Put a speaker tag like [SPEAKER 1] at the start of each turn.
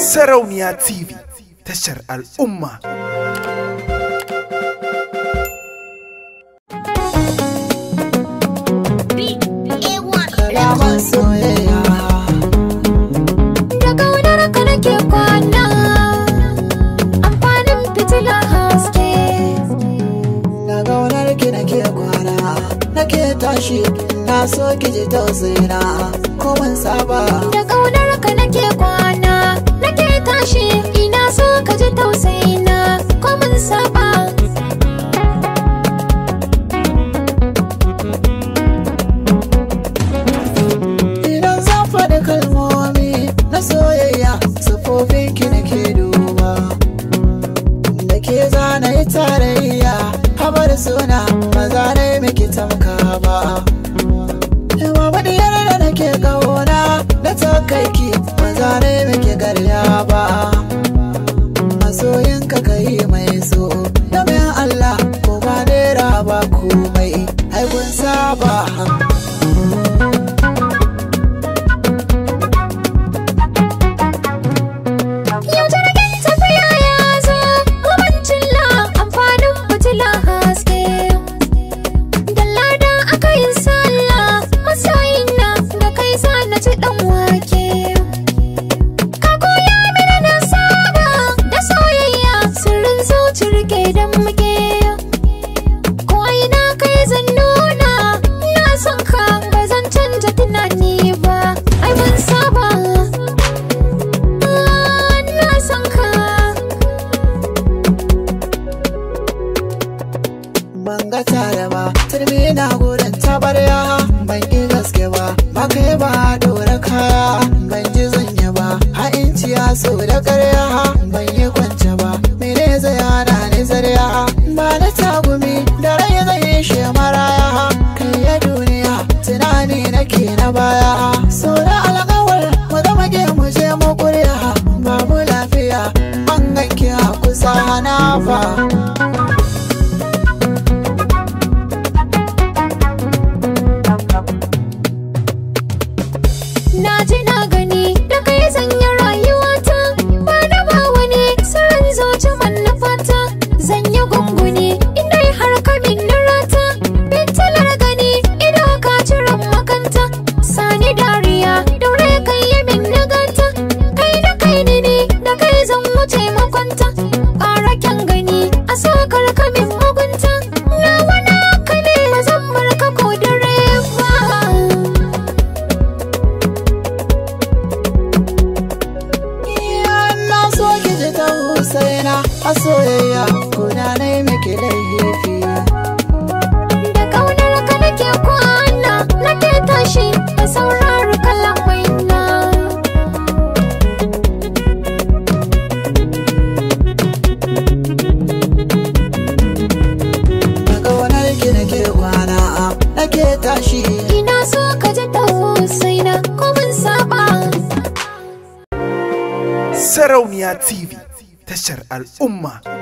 [SPEAKER 1] Sarauniya TV tashar al'umma. Soyayya.
[SPEAKER 2] Da ƙaunar ka fitila haske. Da ƙaunar ki tashi, na so ki ji tausayina, ko ban saba. Da ƙaunar ka nake kwana. tashi ina so ka ji tausayina ko saba idan zan faɗi kalmomi na soyayya sufofin ki nake duba da ke zana yi tarayya habar suna ba zane miki tamka ba wani wadiyar da nake kauna na takaiki tare muke garya ba masoyinka ka yi mai so domin Allah ko ba naira ba komai ai kun saba
[SPEAKER 1] Tafiya ya zo, amincin la amfanin mutula haske.
[SPEAKER 2] gata da ba turmi na gurin tabarya soyayya kuna na yi miki laifi da kaunar ka nake kwana
[SPEAKER 1] nake tashi da saurari kallon waina
[SPEAKER 2] da kaunar ki nake kwana nake tashi ina so ka ji tausayi na komin saba
[SPEAKER 1] Sarauniya TV tashar al'umma.